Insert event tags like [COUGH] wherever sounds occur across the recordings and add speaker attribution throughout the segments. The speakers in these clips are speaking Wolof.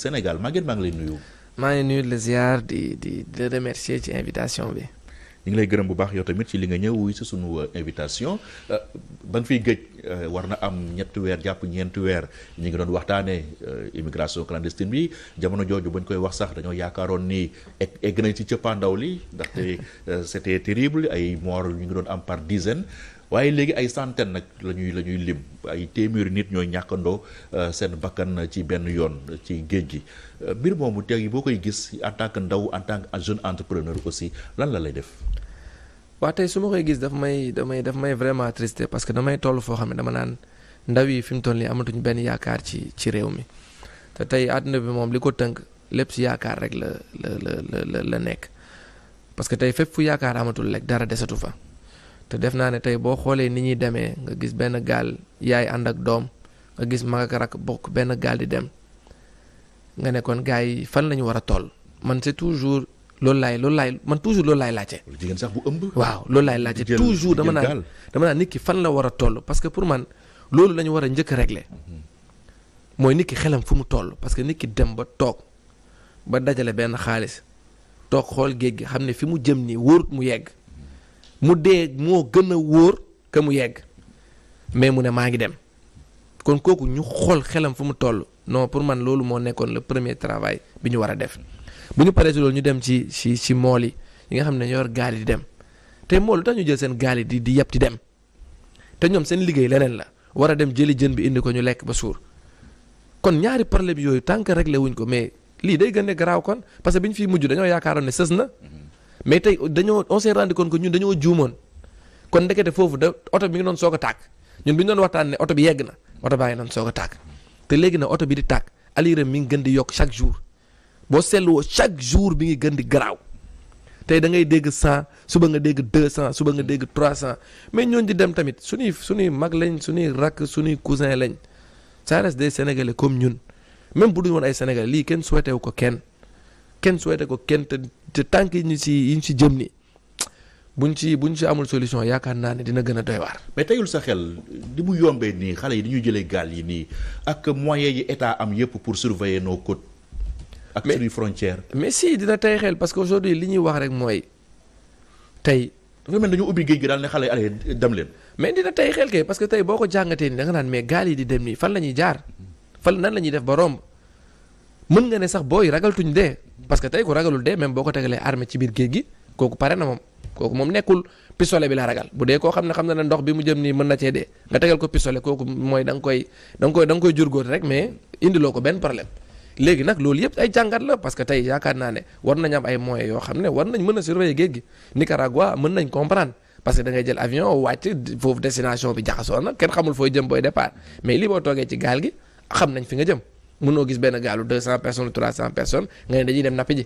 Speaker 1: Sénégal Maguette maa ngi lay nuyu. maa ngi nuyu le ziar di di di remercier ci invitation bi. ñu ngi lay gërëm bu baax yow tamit ci li nga ñëw wuy si sunu euh, invitation euh, ba nga fiy gëj euh, war na am ñetti weer jàpp ñeenti weer ñu ngi doon waxtaanee immigration clandestine bi jamono jooju bañ koy wax sax dañoo yaakaaroon ni egg nañ ci cëppaandaw li ndaxte c'était terrible ay mort ñu ngi doon am par dizaine waaye léegi ay centaine nag la ñuy la ñuy lim ay téeméeri nit ñooy ñàkkandoo euh, seen bakkan na ci benn yoon ci géej gi euh, mbir moomu tey boo koy gis en tant que ndaw en tant que jeune entrepreneur aussi lan la lay
Speaker 2: def. waa tey su ma koy gis daf may damay daf may vraiment triste parce que damay toll foo xam ne dama naan ndaw yi fi mu toll nii amatuñu benn yaakaar ci ci réew mi te tey àdduna bi moom li ko tënk lépp si yaakaar rek la la la la nekk parce que tey fépp fu yaakaar amatul rek dara desatu fa. def naa ne tey boo xoolee ni ñuy demee nga gis benn gaal yaay ànd ak doom nga gis mag ak rak bokk benn gaal di dem nga nekkoon kon yi fan la ñu war a toll man c'est toujours loolu laay loolu laay man toujours loolu laay laajte. jigéen sax bu ëmb. waaw loolu laay laajte toujours dama naan dama nit ki fan la war a toll parce que pour man loolu la ñu war a njëkk a mm-hmm. mooy nit ki xelam fu mu toll parce que nit ki dem ba toog ba dajale benn xaalis toog xool géej gi xam ne fi mu jëm nii wóorut mu yegg. mu dee moo gën a wóor que mu yegg mais mu ne maa ngi dem kon kooku ñu xool xelam fu mu toll no pour man loolu moo nekkoon la premier travail bi ñu war a def bu ñu paree ci loolu ñu dem ci ci ci mool yi yi nga xam ne ñoo war gaal yi di dem te mool lu tax ñu jël seen gaal yi di di di dem te ñoom seen liggéey leneen la war a dem jëli jën bi indi ko ñu lekk ba suur kon ñaari problème yooyu tànk que réglé wuñ ko mais lii day gën a garaaw kon parce que bi ñu fiy mujj dañoo yaakaaroon ne sës na. mais tey dañoo on s'est rendu compte que ñun dañoo juumoon kon ndekete foofu da oto bi ngi doon soog a tàkk ñun bi ñu doon waxtaan ne oto bi yegg na oto baa ngi doon soog a tàkk te léegi na oto bi di tàkk aliram mi ngi gën di yokk chaque jour boo seetloo chaque jour bi ngi gën di garaaw tey da ngay dégg cent suba nga dégg deux cent suba nga dégg trois cent mais ñooñu di dem tamit suñuy suñuy mag lañ suñuy rakk suñuy cousin lañ ça reste des comme ñun même bu duñu woon ay sénégalais lii kenn souhaité wu ko kenn kenn souhaité ko kenn te te tànk yi ñu si yi ñu si jëm ni buñ ci buñ ci amul solution yaakaar naa ne dina gën a tey waar.
Speaker 1: mais teyul sa xel di mu yombee nii xale yi dañuy jëlee gaal yi nii ak moyens yi état am yëpp pour surveiller nos côtes. ak suñuy frontières.
Speaker 2: mais si dina tey xel parce que aujourd'hui li ñuy wax rek mooy tey. dafa mel ñu ubbi géej gi daal ne xale yi allez dem leen. mais dina tey xel kay parce que tey boo ko jàngatee nii da nga naan mais gaal yi di dem nii fan la ñuy jaar fan nan la ñuy def ba mën nga ne sax booy ragaltuñ dee parce que tey ku ragalul dee même boo ko tegalee armée ci biir géej gi kooku pare na moom kooku moom nekkul pistolet bi la ragal bu dee koo xam ne xam na ne ndox bi mu jëm ni mën na cee dee nga tegal ko pistolet kooku mooy da nga koy da nga koy da nga koy jurgóot rek mais indiloo ko benn problème léegi nag loolu yëpp ay jàngat la parce que tey yaakaar naa ne war nañ am ay moyens yoo xam ne war nañ mën a surveiller géej gi Nicaragua mën nañ comprendre parce que da ngay jël avion wàcc foofu destination bi jaxasoo na kenn xamul fooy jëm booy départ mais lii toogee ci gaal gi xam nañ fi nga jëm mënoo gis benn gaalu 200 personnes 300 personnes nga ne dañuy dem nappi ji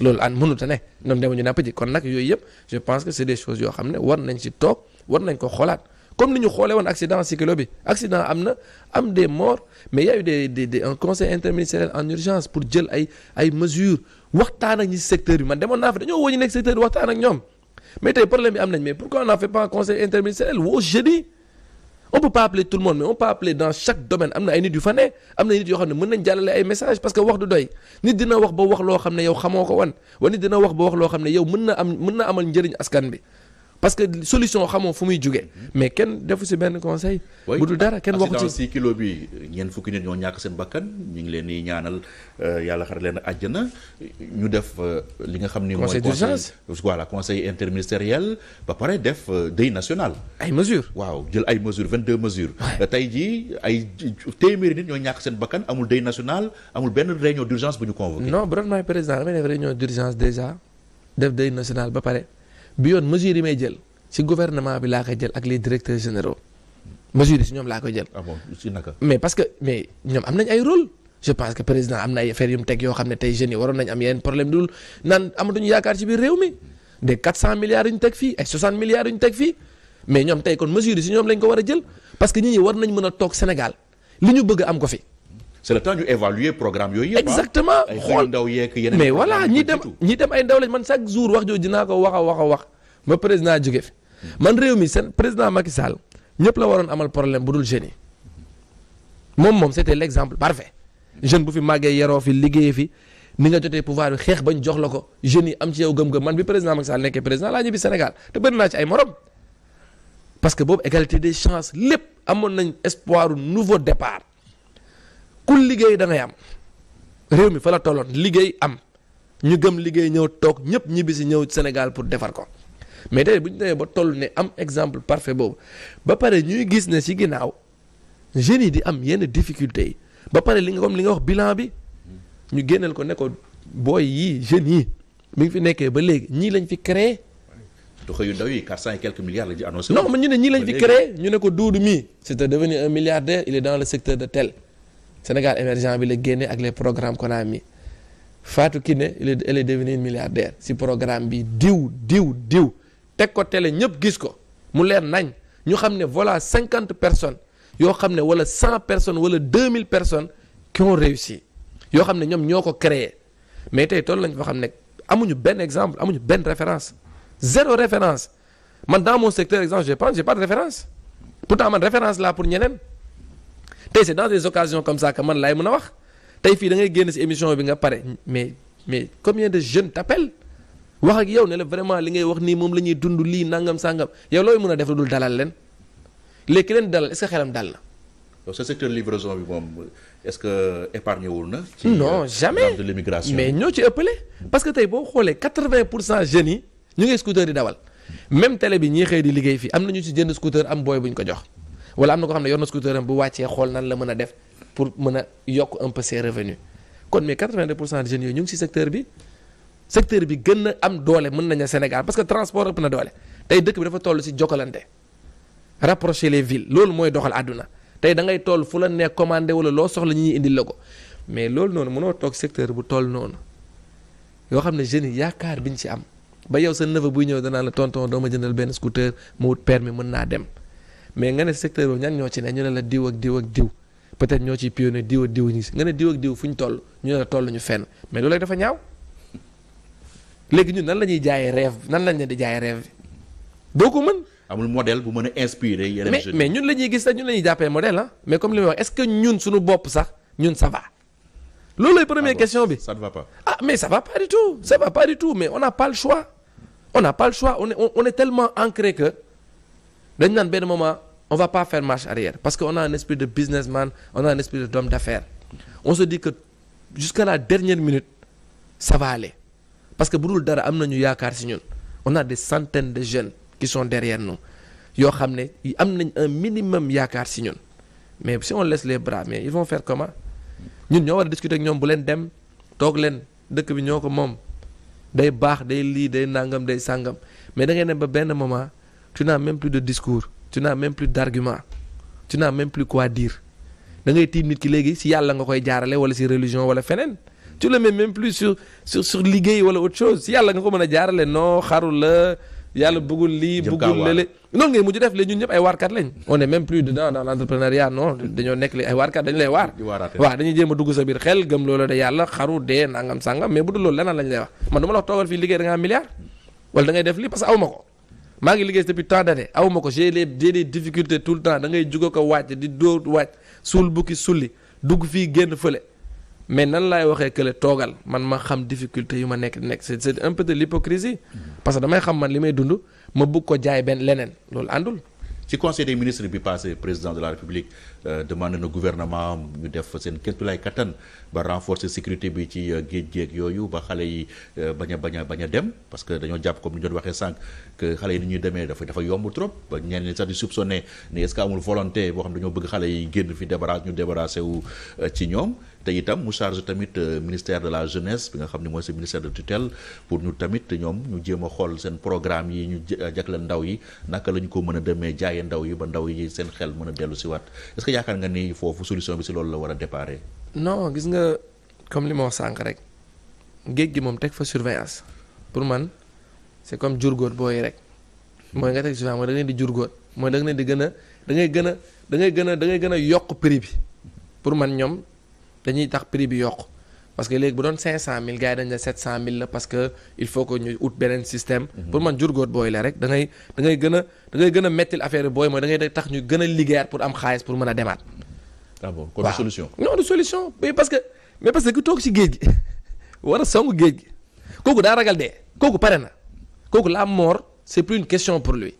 Speaker 2: loolu an mënut a ne ñoom demuñu nappi ji kon nag yooyu yëpp je pense que c'est des choses yoo xam ne war nañ ci toog war nañ ko xoolaat comme ni ñu xoolee woon accident cyclo bi accident am na am des morts mais il a pour jël ay ay mesures waxtaan ak ñi secteur bi demoon naa fa dañoo mais tey problème am nañ mais on n'a pas conseil interministériel woo jeudi. on peut pas appeler tout le monde mais on peut appeler dans chaque domaine am na ay nit yu fa ne am na nit yoo xam ne mën nañ jàllale ay message parce que wax du doy nit dina wax ba wax loo xam ne yow xamoo ko wan wa nit dina wax ba wax loo xam ne yow mën na am mën na amal njëriñ askan bi parce que solution xamoo fu muy jugee mais kenn defu si benn conseil. bu dul dara kenn waxu ci
Speaker 1: kilo bi ñeent fukki nit ñoo ñàkk seen bakkan ñu ngi leen di ñaanal euh, yàlla xar leen àjjana ñu def euh, li nga xam ni. conseil d'urgence voilà conseil interministériel ba pare def euh, deuil national. ay mesures waaw jël ay mesures 22 mesures. tey jii ay téeméeri nit ñoo ñàkk seen bakkan amul deuil national amul benn réunion
Speaker 2: d'urgence bu ñu convoqué. non bu doon maay président damay def def deuil national ba pare. bi yoon mesures yi may jël ci gouvernement bi laa koy jël ak les directeurs généraux mesures yi si
Speaker 1: ñoom laa koy jël. Ah
Speaker 2: mais parce que mais ñoom am nañ ay rôle. je pense que président am na ay affaires yu teg yoo xam ne tey jeunes yi waroon nañ am yeneen problème dul naan amatuñu yaakaar ci biir réew mi des 400 milliards yu ñu teg fii ay 60 milliards yu ñu teg fii mais ñoom tey kon mesures si ñoom lañ ko war a jël parce que nit ñi war nañ mën a toog Sénégal li ñu bëgg am ko fi. c'est le temps ñu évaluer programme yooyu yëpp ah. exactement xool ndaw yeeg yeneen mais voilà ñi dem ñi dem ay ndaw lañ man chaque jour wax jooju dinaa ko wax a wax a wax ba président jóge fi man réew mi seen président Macky Sall ñëpp la waroon amal problème bu dul jeunes yi moom moom c'était l'exemple parfait jeune bu fi màggee yaroo fi liggéeye fi ni nga jotee pouvoir bi xeex bañ jox la ko jeunes yi am ci yow gëm-gëm man bi président Macky Sall nekkee président laa ñibbi Sénégal te bëri naa ci ay morom parce que boobu égalité des chances lépp amoon nañ espoir nouveau départ ku liggéey da am réew mi fa la tolloon liggéey am ñu gëm liggéey ñëw toog ñëpp ñibbi si ñëw Sénégal pour defar ko mais tey bu ñu demee ba toll ne am exemple parfait boobu ba pare ñuy gis ne si ginnaaw jeunes yi di am yenn difficultés yi ba pare li nga am li nga wax bilan bi ñu génneel ko ne ko booy yii jeunes yi mi ngi fi nekkee ba léegi ñii lañ fi créé.
Speaker 1: doxee yu ñu annoncé. non ne ñii lañ fi créé
Speaker 2: ñu ne ko duudu mii. c'est devenu un milliardaire il est dans le tel. Sénégal émergent bi la génne ak les programmes Konami Fatou Kiné elle est devenue milliardaire si programme bi diw diw diw teg ko télé ñëpp gis ko mu leer nañ ñu xam ne voilà cinquante personnes yoo xam ne wala cent personnes wala deux mille personnes qui ont réussi yoo xam ne ñoom ñoo ko créé mais tey toll lañ fa xam ne amuñu benn exemple amuñu benn référence zéro référence man dans mon secteur exemple je pense j'ai pas de référence pourtant man référence laa pour ñeneen tey c'est dans des occasions comme ça que man laay mën a wax tey fii dangay ngay génn ci émission bi nga pare mais mais combien de jeunes t'appellent wax ak yow ne la vraiment li ngay wax nii moom la ñuy dund lii nangam sangam yow looy mën a def lu dul dalal leen léegi leen dalal est-ce que xelam dal na.
Speaker 1: ce secteur bi moom est-ce que épargné wul na. ci
Speaker 2: non euh, jamais
Speaker 1: de mais
Speaker 2: ñoo ci ëppale. parce que tey boo xoolee quatre-vingt pour cent jeunes yi ñu ngi scooter di dawal même télé bi ñii xëy di liggéey fii am na ñu ci jënd scooter am booy bu ñu ko jox. wala am na ko xam ne yor scooter bu wàccee xool nan la mën a def pour mën a yokk un peu kon mais 82 pour cent de jeunes yooyu ñu ngi ci secteur bi secteur bi gën a am doole mën nañu Sénégal parce que transport ëpp a doole tey dëkk bi dafa toll ci jokkalante rapprocher les villes loolu mooy doxal àdduna tey da ngay toll fu la nekk commandé wala loo soxla ñi ñuy indi la ko mais loolu noonu mënoo toog secteur bu toll noonu yoo xam ne jeunes yi yaakaar biñ ci am ba yow sa neveu buy ñëw danaa la tonton doo ma jëndal benn scooter mu wut permis mën naa dem. mais nga ne secteur boobu ñan ñoo ci ne ñu ne la diw ak diw ak diw peut-être ñoo ciy pionnier diw ak diw ñi nga ne diw ak diw fu ñu toll ñu ne la toll ñu fenn mais loolu dafa ñaaw léegi ñun nan la ñuy jaayee rêve nan lañ leen di jaayee rêve bi doo ko mën. amul modèle bu mën a inspirer yeneen mais mais ñun la ñuy gis sax ñun la ñuy jàppee modèle ah mais comme li may wax est-ce que ñun suñu bopp sax ñun ça va. loolu lay première ah question bi ça ne va pas. ah mais ça va pas du tout ça va pas du tout mais on n'a pas le choix on n'a pas le choix on est on est tellement ancré que. dañu naan benn moment on va pas faire marche arrière parce que on a un esprit de businessman on a un esprit de d'homme d'affaires on se dit que jusqu'à la dernière minute ça va parce que bu dul dara am nañu yaakaar ci ñun on a des centaines de jeunes qui sont derrière nous yoo xam ne am nañ un minimum yaakaar si ñun mais si on laisse les bras mais ils vont faire comment ñun ñoo war a discuter ak ñoom bu leen dem toog leen dëkk bi ñoo ko moom day baax day lii day nangam day sàngam mais da ngay dem ba benn moment. tu n'as même plus de discours tu n'as même plus d'argument tu n'as même plus quoi dire da ngay tiit nit ki léegi si yàlla nga koy jaarale wala si religion wala feneen tu le mets même plus sur sur liggéey wala autre chose si yàlla nga ko mën a jaarale no xaru la yàlla bëggul lii bëggul lële noonu ngay mujj def léegi ñun ñëpp ay waarkat lañ on est même plus dedans dans l'entrepreneuriat non dañoo nekk li ay waarkat dañu lay waar waaw dañuy jéem a dugg sa biir xel gëm loolu de yàlla xaru dee nangam sàngam mais bu dul loolu leneen lañ lay ma la wax toogal fii liggéey da nga am milliard wala da def lii parce que aw maa ngi liggéey depuis tant d'années aw ma ko j'ai les j'ai des tout le temps da ngay jugo ko wàcc di dóor wàcc suul bukki sulli dugg fii génn fële mais nan laay waxee que le toogal man ma xam difficulté yu ma nekk nekk c'est c'est un peu l'hypocrisie mm-hmm. parce que damay xam man li may dund ma bëgg ko jaay benn leneen loolu
Speaker 1: àndul ci conseil des ministres bi passé président de la république euh, demande na gouvernement ñu def seen képp lay kattan ba renforcer sécurité bi ci euh, géej géej yooyu ba xale yi euh, bañ a bañ bañ dem parce que dañoo jàpp comme ni ñu doon waxee sànq que xale yi ni ñuy demee dafa dafa yomb trop ba ñenn ñi sax di soupçonné ne est-ce amul volonté boo xam dañoo bëgg xale yi génn fi débarrasse ñu débarrassé wu ci ñoom te itam mu chargé tamit euh, ministère de la jeunesse bi nga xam ne mooy sa ministère de tutelle pour ñu tamit ñoom ñu jéem xol seen programme yi ñu euh, jagleel ndaw yi naka la ñu ko mën a demee jaaye ndaw yi ba ndaw yi seen xel mën a dellu si waat est que yaakaar nga ni foofu solution bi si loolu la war a déparé.
Speaker 2: non gis nga comme li ma wax sànq rek géej gi moom teg fa surveillance pour man c'est comme jurgóot booy rek mooy nga teg surveillance mooy da nga leen di jurgóot mooy da leen di gën a da ngay gën a da gën a da gën a yokk prix bi pour man ñoom. dañuy tax prix bi yokk parce que léegi bu doon 500000 gars yi dañ ne 700000 la parce que il faut que ñu ut beneen système. Mhm. pour man jurgóot booy la rek da ngay da ngay gën a ngay gën a mettil affaire booy mooy da ngay tax ñu gëna a liggéeyaat pour am xaalis pour mën a demaat. d'accord ah kon solution. non du solution mais parce que mais parce que ku toog si géej gi [LAUGHS] war a songu géej gi kooku daa ragal dee kooku pare na kooku la mort c'est plus une question pour lui.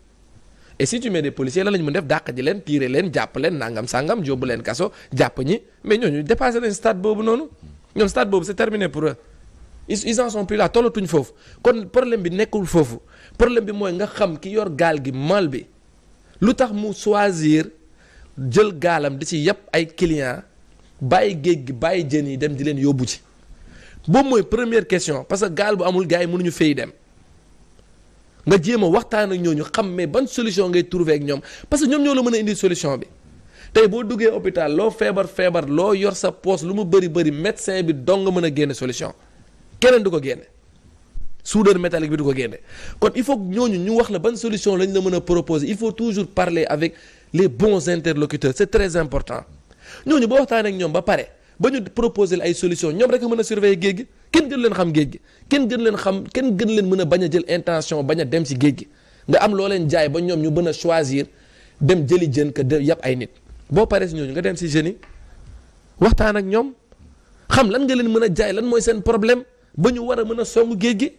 Speaker 2: et si tu mets des policiers lan la ñu mën def dàq ji leen tiire leen jàpp leen nangam sangam jóobu leen kaso jàpp ñi mais ñooñu dépassé nañ stade boobu noonu ñoom stade boobu c'est terminé pour eux ils en sont tollatuñ foofu kon problème bi nekkul foofu problème bi mooy nga xam ki yor gaal gi mal bi lu tax mu choisir jël gaalam di ci yàpp ay clients bàyyi géej gi bàyyi jën yi dem di leen yóbbu ci boobu mooy première question parce que gaal bu amul gaa yi mënuñu fay dem. nga jéem a waxtaan ak ñooñu xam mais ban solution ngay trouver ak ñoom parce que ñoom ñoo la mën a indi solution bi tey boo duggee hôpital loo feebar feebar loo yor sa poos lu mu bëri bëri médecin bi donc nga mën a génne solution keneen du ko génne soudeur métallique bi du ko génne kon il faut ñooñu ñu wax la ban solution lañ la mën a proposer il faut toujours parler avec les bons interlocuteurs c'est très important ñooñu boo waxtaan ak ñoom ba pare ba ñu proposer la solution ñoom rek a mën a surveiller géej kenn gën leen xam géej gi kenn gën leen xam kenn gën leen mën a bañ a jël intention bañ a dem si géej gi nga am loo leen jaay ba ñoom ñu mën a choisir dem jëli jën que de yàpp ay nit boo paree si ñooñu nga dem si jeunes yi waxtaan ak ñoom xam lan nga leen mën a jaay lan mooy seen problème ba ñu war a mën a songu géej gi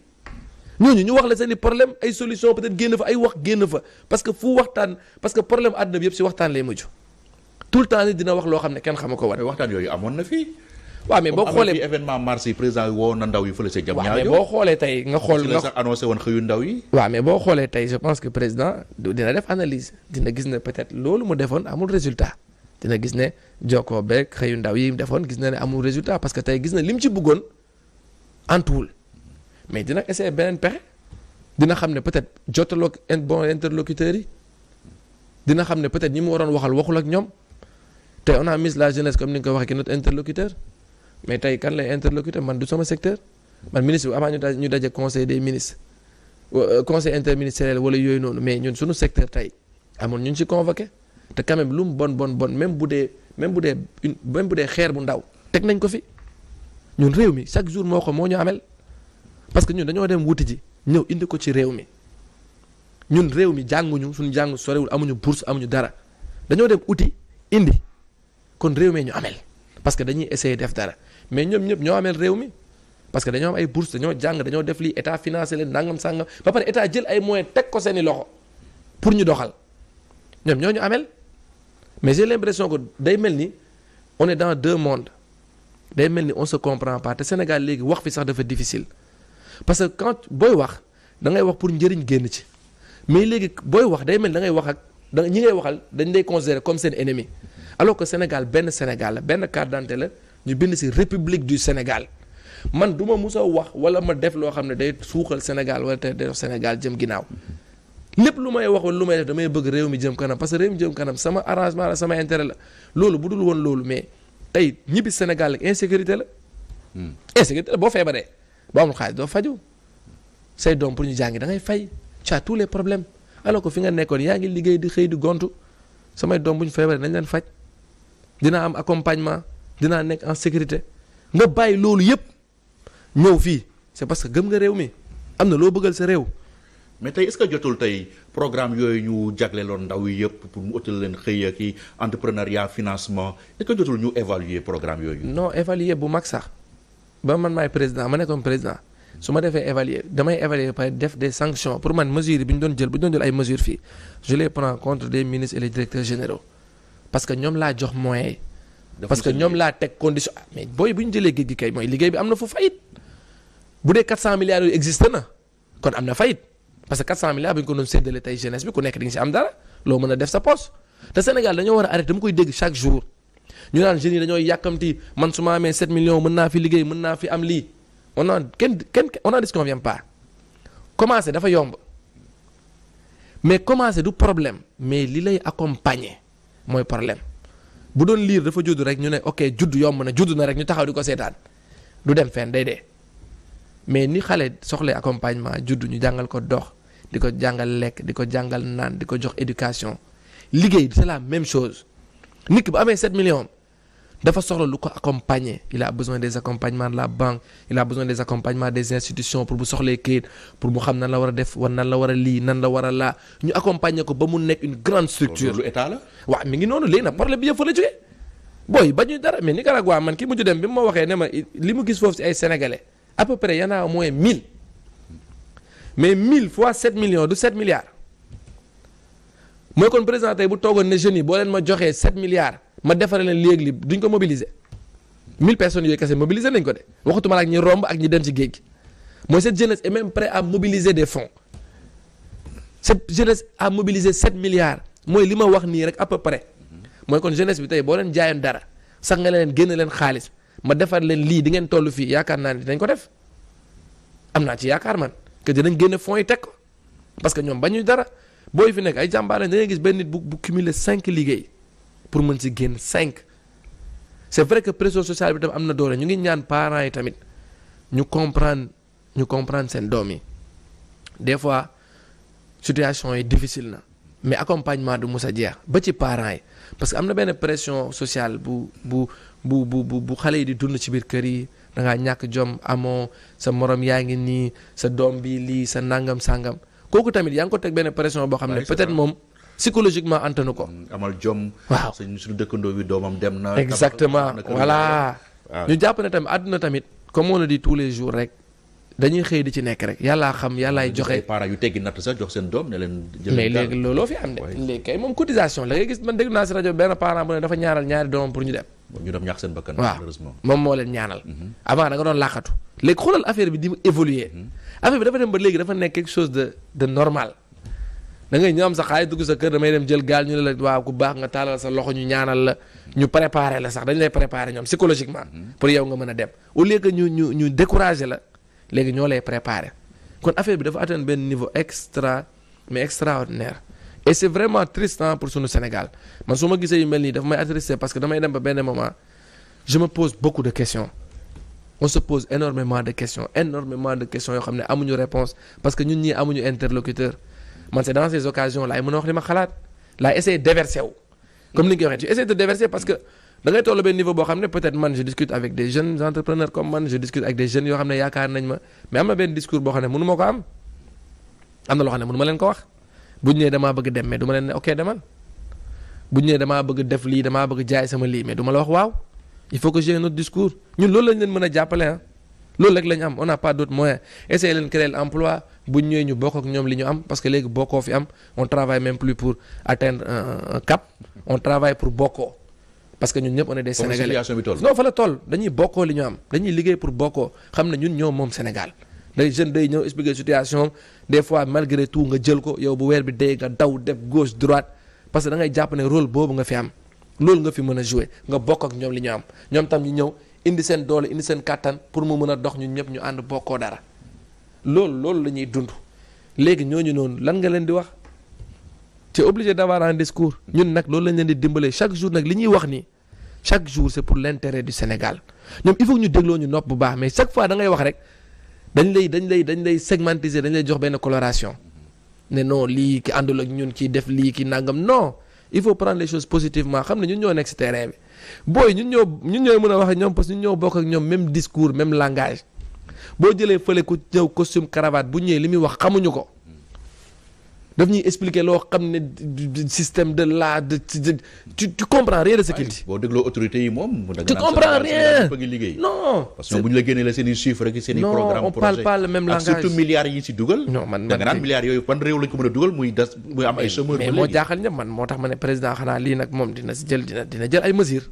Speaker 2: ñooñu ñu wax la seen i problème ay solution peut-être génn fa ay wax génn fa parce que fu waxtaan parce que problème àdduna bi yëpp si waxtaan lay mujj tout le temps nit dina loo xam ne kenn xama ko war waxtaan yooyu amoon na fii waaw mais boo xoolee événement mars yi
Speaker 1: président woo na ndaw tey nga xool nga sax annoncé woon xëyu ndaw yi
Speaker 2: waaw mais boo xoolee tey je pense que président def analyse dina gis ne peut-être loolu mu defoon amul résultat dina gis ne jokkoo beeg xëyu ndaw yi mu defoon gis na ne amul résultat parce que tey gis na lim ci bëggoon antuwul mais dina essayer beneen pexe dina xam ne peut-être jotaloo bon interlocuteurs yi dina xam ne peut-être ñi mu waroon waxal waxul ak ñoom te on a mis la jeunesse comme ni nga ko waxee ki notre interlocuteur mais tey kan lay interlocuteur man du sama secteur man ministre avant ñu daj ñu daje conseil des ministres euh, conseil interministériel wala yooyu noonu mais ñun suñu secteur tey amoon ñu ci convoqué te quand même lu mu bon bon bon même bu dee même bu dee une bu dee xeer bu ndaw teg nañ ko fi ñun réew mi chaque jour moo ko moo ñu ameel parce que ñun dañoo dem wuti ji ñëw indi ko ci réew mi ñun réew mi jànguñu suñu jàngu sorewul amuñu bourse amuñu dara dañoo dem uti indi kon réew me ñu amel parce que dañuy essayer def dara mais ñoom ñëpp ñoo ameel réew mi parce que dañoo am ay bourse dañoo jàng dañoo def lii état financé leen nangam sàngam ba pare état jël ay moyens teg ko seeni loxo pour ñu doxal ñoom ñoo ñu ameel mais j'ai l'impression que day mel ni on est dans deux mondes day mel ni on se comprend part Sénégal léegi wax fi sax dafa difficile parce que quand booy wax da ngay wax pour njëriñ génn ci mais léegi booy wax day mel da dangay wax ak da ñi ngay waxal dañ lay considérer comme seen ennemi alors que Sénégal benn Sénégal benn carte d'identité la. ñu bind si république du Sénégal man du ma mus a wax wala ma def loo xam ne day suuxal Sénégal wala te def Sénégal jëm ginnaaw lépp lu may wax wala lu may def damay bëgg réew mi jëm kanam parce que réew mi jëm kanam sama arrangement la sama intérêt la loolu bu dul woon loolu mais tey ñibbi Sénégal insécurité la. Hmm. insécurité la boo feebaree boo amul xaalis doo faju say doom pour ñu jàngi da ngay fay tu as tous les problèmes alors fi nga nekkoon yaa ngi liggéey di xëy di gontu samay doom bu ñu feebaree leen faj dina am accompagnement. dinaa nekk en sécurité nga bàyyi loolu yëpp ñëw fii c'est parce que gëm nga réew mi am na loo bëggal sa réew. mais tey est-ce que
Speaker 1: jotul tey programme yooyu ñu jagleeloon ndaw yi yëpp pour mu ëttal leen xëy ak i entrepreneuriat
Speaker 2: financement est-ce que jotul ñu évaluer programme yooyu. non évaluer bu mag sax ba man maay président ma nekkoon président su ma defee évaluer damay évaluer pare def des sanctions pour man mesures bi ñu doon jël bu ñu doon jël ay mesures fii je les contre des ministres et les directeurs parce que ñoom laa jox moyens parce que ñoom laa teg condition ah, mais booy bu ñu jëlee géej gi kay mooy liggéey bi am na fu fayit bu dee 400 milliards yooyu existe na kon am na fayit parce que 400 milliards bu ñu ko doon séddale tey jeunesse bi ku nekk di nga si am dara loo mën a def sa poche te Sénégal dañoo war a arrêté dama koy dégg chaque jour ñu naan jeunes yi dañoo yàkkamti man su ma amee 7 millions mën naa fi liggéey mën naa fi am lii on a kenn kenn on a disconvient pas commencer dafa yomb mais commencer du problème mais li lay accompagner mooy problème. bu doon liir dafa judd rek ñu ne ok juddu yomb na judd na rek ñu taxaw di ko seetaan du dem fen day de mais ni xale soxla accompagnement juddu ñu jàngal ko dox di ko jàngal lekk di ko jàngal naan di ko jox éducation liggéey c'est la même chose nit ki bu amee 7 million dafa soxla lu ko accompagner il a besoin des accompagnements la banque il a besoin des accompagnements des institutions pour bu soxlee kayit pour mu xam nan la war a def war nan la war a lii nan la war a laa ñu accompagner ko ba mu nekk une grande structure. loolu état waaw mi ngi noonu léegi nag problème bi yëpp fa la jógee booy ba ñu dara mais Nicaragua man ki mujj dem bi mu ma waxee ne ma li mu gis foofu si ay sénégalais à peu près y en a au mais 1000 fois 7 millions du 7 milliards mooy kon président bu toogoon ne jeunes yi boo leen ma joxee 7 milliards. ma defaree leen léegi li duñ ko mobiliser mille personnes yooyu kese mobiliser nañ ko de waxtuma la ak ñi romb ak ñi dem ci géej gi mooy cette jeunesse et même prêt à mobiliser des fonds cette jeunesse a mobilisé 7 milliards mooy li ma wax nii rek à peu près mooy kon jeunesse bi tey boo leen jaayoon dara sax nga leen génn leen xaalis ma defar leen lii dingeen ngeen toll fii yaakaar naa ni dinañ ko def am naa ci yaakaar man que dinañ génne fonds yi teg ko parce que ñoom bañuy dara booy fi nekk ay jàmbaar da ngay gis benn bu bu cumuler 5 liggéey. pour mën si génn cinq c'est vrai que pression sociale bi tam am na doole ñu ngi ñaan parents yi tamit ñu comprendre ñu comprendre seen doom yi des fois situation yi difficile na mais accompagnement du mus a jeex ba ci parent yi parce que am na benn pression sociale bu bu bu bu bu xale yi di dund ci biir kër yi da ñàkk jom amoo sa morom yaa ngi nii sa doom bii lii sa nangam sangam kooku tamit yaa ngi ko teg benn pression boo xam ne peut moom. psychologiquement antanu ko. Mm, amal jom.
Speaker 1: waaw suñu dëkkandoo bi doomam dem na. exactement voilà. ñu
Speaker 2: jàpp ne tamit àdduna tamit comme on le dit tous les jours rek. dañuy xëy di ci nekk rek yàllaa xam yàllaay joxe parents léegi looloo fi am de léegi kay moom cotisation la ngay gis man dégg naa si rajo benn parent bu ne dafa ñaanal ñaari doomam pour ñu dem ñu moom moo leen ñaanal mhm. avant da doon laaxatu léegi xoolal affaire bi di évoluer mhm. affaire bi dafa dem ba léegi da ngay ñëw am sa xaalis dugg sa kër damay dem jël gaal ñu ne la waaw ku baax nga taalal sa loxo ñu ñaanal la ñu préparer la sax dañ lay préparer ñoom psychologiquement. Mhm. pour yow nga mën a dem au lieu que ñu ñu ñu décourager la léegi ñoo lay préparer kon affaire bi dafa atteindre benn niveau extra mais extraordinaire. et c'est vraiment triste pour sunu Sénégal man su ma gisee yu mel nii daf may attristé parce que damay dem ba benn moment je me pose beaucoup de questions on pose énormément de questions énormément de questions yoo xam ne amuñu réponse parce que ñun ñii interlocuteur. man c'est dans ces occasions laay mën a wax li ma xalaat laay essayer déverser comme ni nga ko waxee tu essaies de déverser parce que da ngay toll benn niveau boo xam ne peut-être man je discute avec des jeunes entrepreneurs comme man je discute avec des jeunes yoo xam ne yaakaar nañ ma mais am na benn discours boo xam ne mënu ko am am na loo xam ne mënu ma leen ko wax bu ñu nee damaa bëgg dem mais du leen ok damaa bëgg def lii damaa bëgg jaay sama lii mais du ma la wax waaw il faut que j'ai un autre discours a jàppale ah. loolu rek lañ am on n'a buñ ñëwee ñu bokk ak ñoom li ñu am parce que léegi bokkoo fi am on travaille même plus pour atteindre un, un cap on travaille pour bokkoo parce que ñun ñëpp on est des sénégalais non fa la toll dañuy bokkoo li ñu am dañuy liggéey pour bokkoo xam ne ñun ñoo moom Sénégal day jeune day ñëw expliquer situation des fois malgré tout nga jël ko yow bu weer bi dee nga daw def gauche droite parce que da ngay jàpp ne rôle boobu nga fi am loolu nga fi mën a jouer nga bokk ak ñoom li ñu am ñoom tam ñu ñëw indi seen doole indi seen kàttan pour mu mën a dox ñun ñëpp ñu ànd bokkoo dara loolu loolu la ñuy dund léegi ñoo ñu noonu lan nga leen di wax te obligé d'avoir un discours ñun nag loolu lañ leen di dimbalee chaque jour nag li ñuy wax ni chaque jour c'est pour l'intérêt du Sénégal ñoom il faut ñu dégloo ñu nopp bu baax mais chaque fois da ngay wax rek dañ lay dañ lay dañ lay segmentiser dañ lay jox benn coloration ne non lii ki àndul ak ñun kii def lii ki nangam non il faut prendre les choses positivement xam ne ñun ñoo nekk ci terrain bi booy ñun ñoo ñun ñooy mën a wax ñoom parce que ñun ñoo bokk ak ñoom même discours même langage boo jëlee fële ku ñëw costume cravate bu ñëwee li muy wax xamuñu ko daf ñuy expliquer loo xam ne système de la de tu de moom. tu comprends rien non. parce
Speaker 1: que i i programme on parle pas le même langage ak surtout milliards yi ci dugal. man a
Speaker 2: moo tax ma ne président xanaa lii nag moom dina si jël dina dina jël ay mesures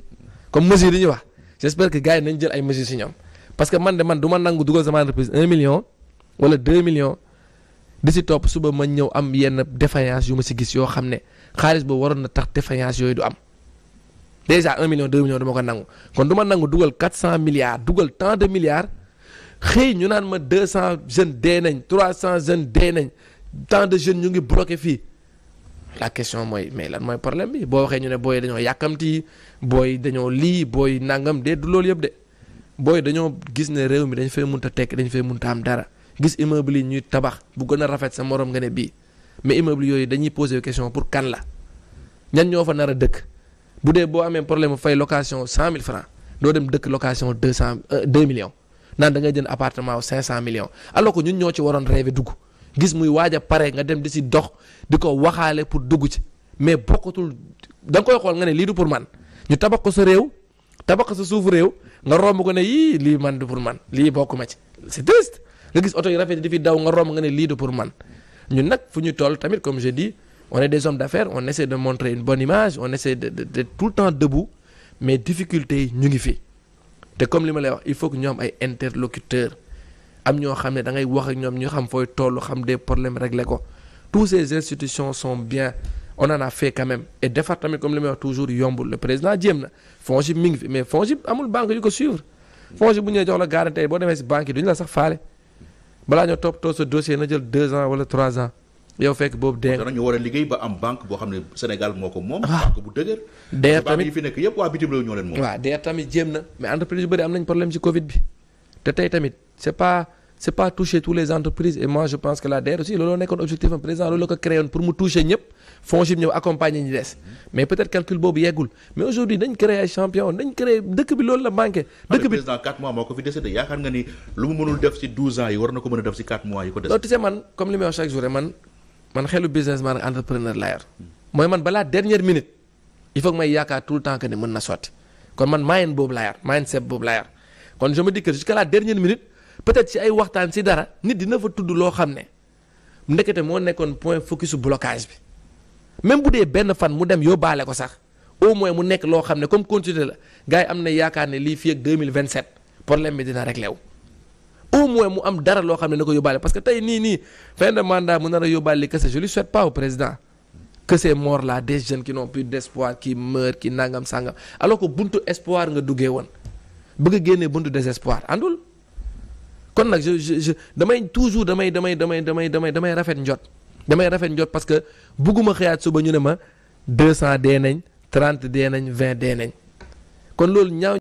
Speaker 2: comme mesures yi ñuy wax j'espère que gars yi nañ jël ay mesures si ñoom. parce que man de man du ma nangu dugal sama entreprise un million wala deux millions di si topp suba ma ñëw am yenn défaillance yu ma si gis yoo xam ne xaalis boo waroon na tax défaillance yooyu du am déjà un million deux millions dama ko nangu kon du ma nangu dugal quatre cent milliards dugal tant de milliards xëy ñu naan ma deux cent jeunes dee nañ trois cent jeunes dee nañ tant de jeunes ñu ngi bloqué fii la question mooy mais lan mooy problème bi boo waxee ñu ne booy dañoo yàkkamti booy dañoo lii booy nangam de du loolu yëpp de. booy dañoo gis ne réew mi dañ fee munta tekk dañu fee munta am dara gis immeuble yi ñuy tabax bu gën a rafet sa morom nga ne bii mais immeuble yooyu dañuy poser question pour kan la ñan ñoo fa nar a dëkk bu dee boo amee problème fay location cent mille francs doo dem dëkk location deux cent euh, deux millions naan dangay ngay jënd appartement cinq cent millions alors que ñun ñoo ci waroon rêvé dugg gis muy waaja pare nga dem di si dox di ko waxaale pour dugg ci mais bokkatul da nga koy xool nga ne lii du man ñu tabax ko sa réew. tabax sa suufu réew nga romb ko ne yii lii man du pour man lii bokk ma ci c'est triste nga gis oto yi rafet di fi daw nga romb nga ne lii du pour man ñun nag fu ñu toll tamit comme je dis on est des hommes d'affaires on essaie de montrer une bonne image on essaie de tout le temps debout mais difficultés yi ñu ngi fi te comme li ma lay wax il faut que ñu ay interlocuteurs am ñoo xam ne da ngay wax ak ñoom ñu xam fooy toll xam des problèmes réglé ko tous ces institutions sont bien on en fait quand même defar tamit comme li may toujours yombul le président jéem na FONGIP mi ngi fi mais FONGIP amul banque yu ko suivre FONGIP bu ñu jox la garantie boo demee si banque yi du la sax faale balaa ñoo toppatoo sa dossier na jël 2 ans wala 3 ans yow fekk boobu dee. danañu
Speaker 1: war a liggéey ba am banque boo xam ne Sénégal moo ko moom. Ah. banque bu dëgër. DER tamit yi fi nekk yëpp waa bitim réew ñoo leen moom. waaw DER
Speaker 2: tamit jéem na fonds ñëw accompagner ñi des mais peut-être calcul boobu yeggul mais aujourd'hui dañ créé ay champion dañ créé dëkk bi loolu la manqué. Ah, dëkk bi président 4 mois moo ko lu mu mënul def ci 12 ans yi war na ko mën a def ci 4 mois yi ko dese. loolu tu sais man comme li chaque jour man man xelu businessman ak entrepreneur laa mooy man balaa dernière minute il faut may yaakaar tout le temps que ne mën na sotti kon man moyen boobu laa yor mindset boobu laa yor kon je me dis que jusqu'à la dara nit dina fa tudd loo xam ne ndekete moo nekkoon point focus su blocage bi. même bu dee benn fan mu dem yóbbaale ko sax au moins mu nekk loo xam ne comme continuer la gars yi am na yaakaar ne lii fii ak 2027 problème bi dina réglé wu au moins mu am dara loo xam ne na ko yóbbaale parce que tey nii nii fin de mandat mu nar a yóbbaale li kese je lui souhaite pas au président que ces morts là des jeunes qui n'ont plus d'espoir qui meurent qui nangam sangam alors ko buntu espoir nga duggee woon bëgg a génnee buntu désespoir àndul kon nag damay toujours damay damay damay damay damay damay rafet njot damay rafet njot parce que bugguma xëyaat suba ñu ne ma 200 dee nañ 30 dee nañ 20 dee nañ kon loolu ñaaw